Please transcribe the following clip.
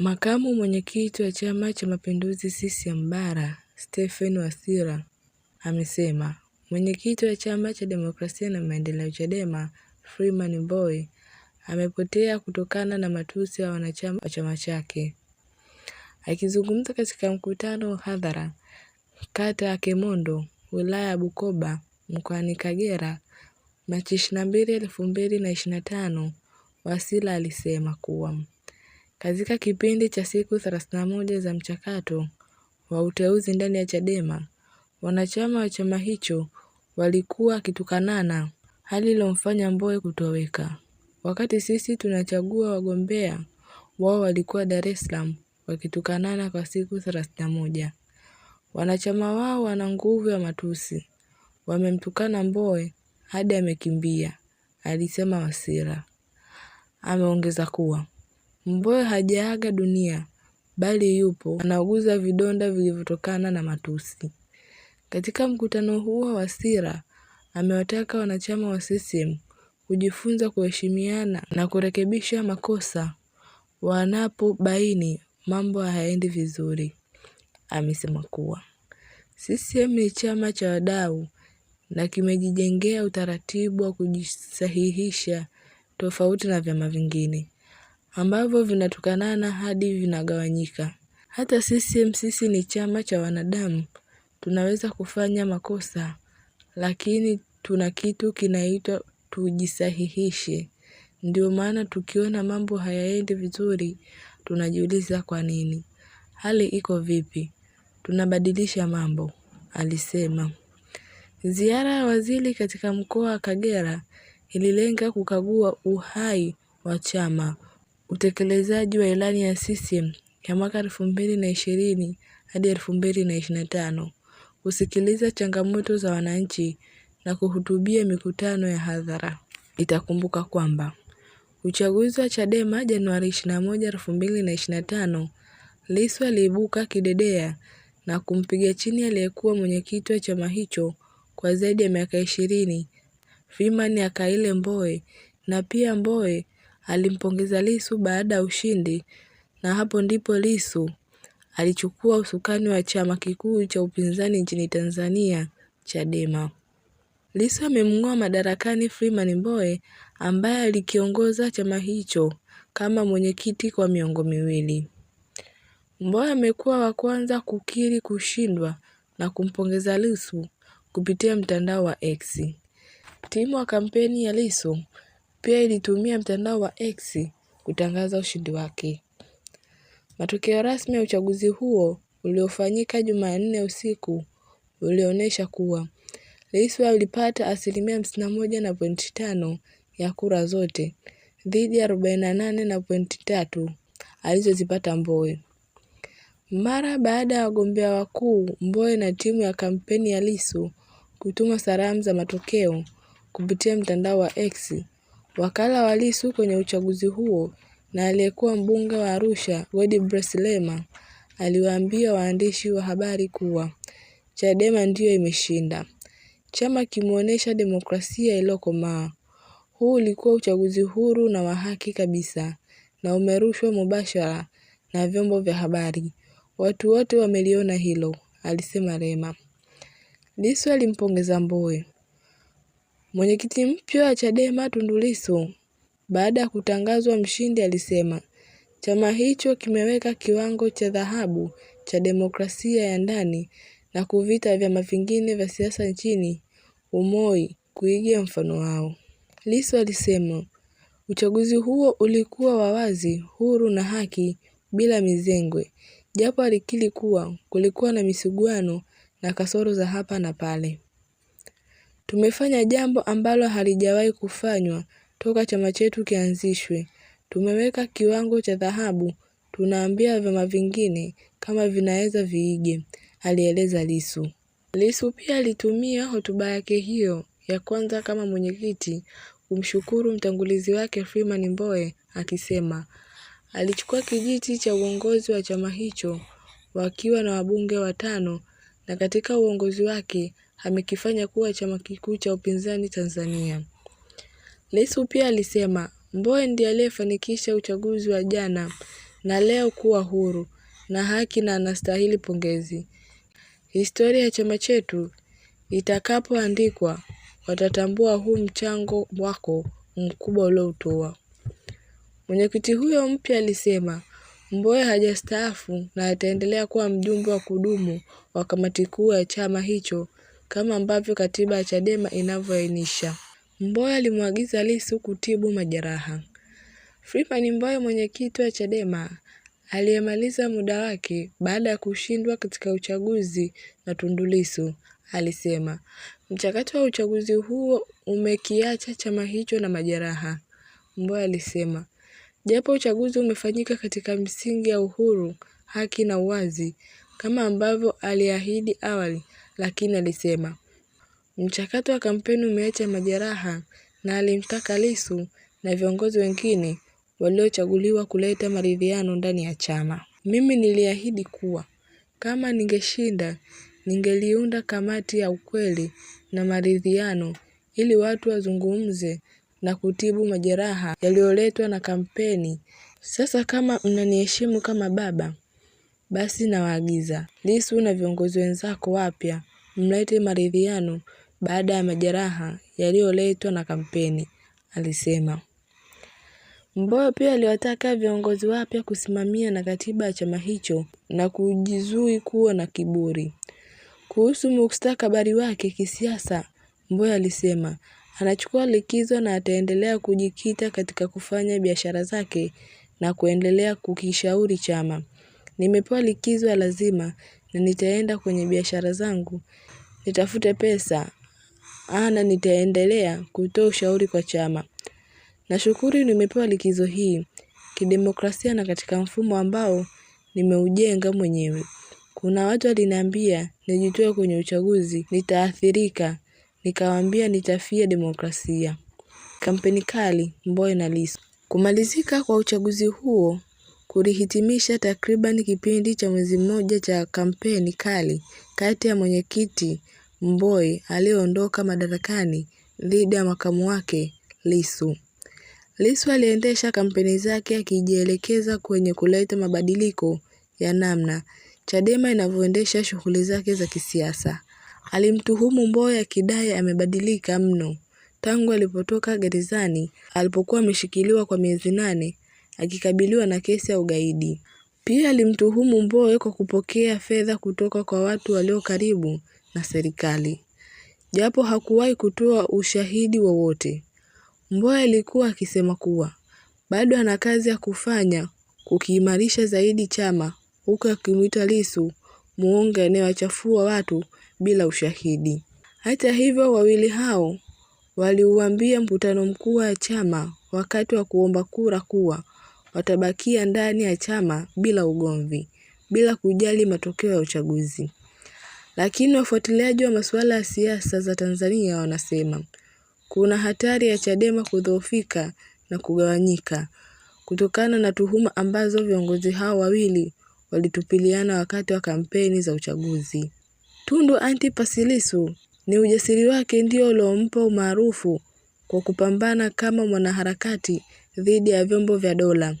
Makamu mwenyekiti wa Chama cha Mapinduzi CCM Bara, Stephen Wasira amesema mwenyekiti wa Chama cha Demokrasia na Maendeleo Chadema, Freeman Mbowe amepotea kutokana na matusi ya wanachama wa chama chake. Akizungumza katika mkutano wa hadhara kata ya Kemondo, wilaya ya Bukoba, mkoani Kagera, Machi ishirini na Wasira alisema kuwa katika kipindi cha siku 31 za mchakato wa uteuzi ndani ya Chadema, wanachama wa chama hicho walikuwa wakitukanana, hali iliyomfanya Mbowe kutoweka. Wakati sisi tunachagua wagombea, wao walikuwa Dar es Salaam wakitukanana kwa siku 31. Wanachama wao wana nguvu ya matusi, wamemtukana Mbowe hadi amekimbia, alisema Wasira. Ameongeza kuwa mboyo hajaaga dunia bali yupo anauguza vidonda vilivyotokana na matusi. Katika mkutano huo wa Sira amewataka wanachama wa CCM kujifunza kuheshimiana na kurekebisha makosa wanapobaini mambo hayaendi vizuri. Amesema kuwa CCM ni chama cha wadau na kimejijengea utaratibu wa kujisahihisha tofauti na vyama vingine ambavyo vinatokanana hadi vinagawanyika. Hata CCM sisi ni chama cha wanadamu, tunaweza kufanya makosa, lakini tuna kitu kinaitwa tujisahihishe. Ndio maana tukiona mambo hayaendi vizuri, tunajiuliza kwa nini, hali iko vipi, tunabadilisha mambo, alisema. Ziara ya waziri katika mkoa wa Kagera ililenga kukagua uhai wa chama Utekelezaji wa ilani ya CCM ya mwaka elfu mbili na ishirini hadi elfu mbili na na tano kusikiliza changamoto za wananchi na kuhutubia mikutano ya hadhara. Itakumbuka kwamba uchaguzi wa Chadema Januari 21, 2025, Lissu aliibuka kidedea na kumpiga chini aliyekuwa mwenyekiti wa chama hicho kwa zaidi ya miaka ishirini Freeman Aikaele Mbowe na pia Mbowe alimpongeza lisu baada ya ushindi na hapo ndipo lisu alichukua usukani wa chama kikuu cha upinzani nchini Tanzania Chadema. lisu amemng'oa madarakani Freeman Mbowe ambaye alikiongoza chama hicho kama mwenyekiti kwa miongo miwili. Mbowe amekuwa wa kwanza kukiri kushindwa na kumpongeza lisu kupitia mtandao wa X. Timu wa kampeni ya lisu pia ilitumia mtandao wa X kutangaza ushindi wake. Matokeo rasmi ya uchaguzi huo uliofanyika Jumanne usiku ulionyesha kuwa Lissu alipata asilimia hamsini na pointi tano ya kura zote dhidi ya arobaini na pointi tatu alizozipata Mbowe. Mara baada ya wagombea wakuu Mbowe na timu ya kampeni ya Lissu kutuma salamu za matokeo kupitia mtandao wa X wakala wa Lissu kwenye uchaguzi huo na aliyekuwa mbunge wa Arusha Godbless Lema aliwaambia waandishi wa habari kuwa Chadema ndiyo imeshinda, chama kimeonyesha demokrasia iliyokomaa. Huu ulikuwa uchaguzi huru na wa haki kabisa na umerushwa mubashara na vyombo vya habari, watu wote wameliona hilo, alisema Lema. Lissu alimpongeza Mbowe Mwenyekiti mpya wa Chadema Tundu Lissu baada ya kutangazwa mshindi alisema chama hicho kimeweka kiwango cha dhahabu cha demokrasia ya ndani na kuvita vyama vingine vya siasa nchini umoi kuiga mfano wao. Lissu alisema uchaguzi huo ulikuwa wa wazi, huru na haki bila mizengwe, japo alikiri kuwa kulikuwa na misuguano na kasoro za hapa na pale. Tumefanya jambo ambalo halijawahi kufanywa toka chama chetu kianzishwe. Tumeweka kiwango cha dhahabu, tunaambia vyama vingine kama vinaweza viige, alieleza lisu lisu pia alitumia hotuba yake hiyo ya kwanza kama mwenyekiti kumshukuru mtangulizi wake Freeman Mbowe akisema alichukua kijiti cha uongozi wa chama hicho wakiwa na wabunge watano na katika uongozi wake amekifanya kuwa chama kikuu cha upinzani Tanzania. Lissu pia alisema Mbowe ndiye aliyefanikisha uchaguzi wa jana na leo kuwa huru na haki na anastahili pongezi. Historia ya chama chetu itakapoandikwa, watatambua huu mchango wako mkubwa ulioutoa. Mwenyekiti huyo mpya alisema Mbowe hajastaafu na ataendelea kuwa mjumbe wa kudumu wa kamati kuu ya chama hicho kama ambavyo katiba ya Chadema inavyoainisha. Mboya alimwagiza Lissu kutibu majeraha. Freeman Mbowe, mwenyekiti wa Chadema aliyemaliza muda wake baada ya kushindwa katika uchaguzi na Tundu Lissu, alisema mchakato wa uchaguzi huo umekiacha chama hicho na majeraha. Mboya alisema japo uchaguzi umefanyika katika misingi ya uhuru, haki na uwazi kama ambavyo aliahidi awali, lakini alisema mchakato wa kampeni umeacha majeraha na alimtaka Lissu na viongozi wengine waliochaguliwa kuleta maridhiano ndani ya chama. Mimi niliahidi kuwa kama ningeshinda ningeliunda kamati ya ukweli na maridhiano ili watu wazungumze na kutibu majeraha yaliyoletwa na kampeni. Sasa kama mnaniheshimu kama baba basi nawaagiza Lissu na viongozi wenzako wapya mlete maridhiano baada ya majeraha yaliyoletwa na kampeni, alisema. Mbowe pia aliwataka viongozi wapya kusimamia na katiba ya chama hicho na kujizui kuwa na kiburi. Kuhusu mustakabali wake kisiasa, Mbowe alisema anachukua likizo na ataendelea kujikita katika kufanya biashara zake na kuendelea kukishauri chama Nimepewa likizo ya lazima na nitaenda kwenye biashara zangu. Nitafute pesa. Ana nitaendelea kutoa ushauri kwa chama. Nashukuru nimepewa likizo hii. Kidemokrasia na katika mfumo ambao nimeujenga mwenyewe. Kuna watu waliniambia nijitoe kwenye uchaguzi, nitaathirika, nikawaambia nitafia demokrasia. Kampeni kali, Mbowe na Lissu. Kumalizika kwa uchaguzi huo ulihitimisha takriban kipindi cha mwezi mmoja cha kampeni kali kati ya Mwenyekiti Mbowe aliyeondoka madarakani dhidi ya makamu wake Lissu. Lissu aliendesha kampeni zake akijielekeza kwenye kuleta mabadiliko ya namna Chadema inavyoendesha shughuli zake za kisiasa. Alimtuhumu Mbowe akidai amebadilika mno tangu alipotoka gerezani alipokuwa ameshikiliwa kwa miezi nane akikabiliwa na kesi ya ugaidi. Pia alimtuhumu Mbowe kwa kupokea fedha kutoka kwa watu walio karibu na serikali, japo hakuwahi kutoa ushahidi wowote. Mbowe alikuwa akisema kuwa bado ana kazi ya kufanya kukiimarisha zaidi chama, huku akimwita Lissu muonge anayewachafua watu bila ushahidi. Hata hivyo, wawili hao waliuambia mkutano mkuu wa chama wakati wa kuomba kura kuwa watabakia ndani ya chama bila ugomvi, bila kujali matokeo ya uchaguzi. Lakini wafuatiliaji wa masuala ya siasa za Tanzania wanasema kuna hatari ya Chadema kudhoofika na kugawanyika kutokana na tuhuma ambazo viongozi hao wawili walitupiliana wakati wa kampeni za uchaguzi. Tundu Antipas Lissu ni ujasiri wake ndio uliompa umaarufu kwa kupambana kama mwanaharakati dhidi ya vyombo vya dola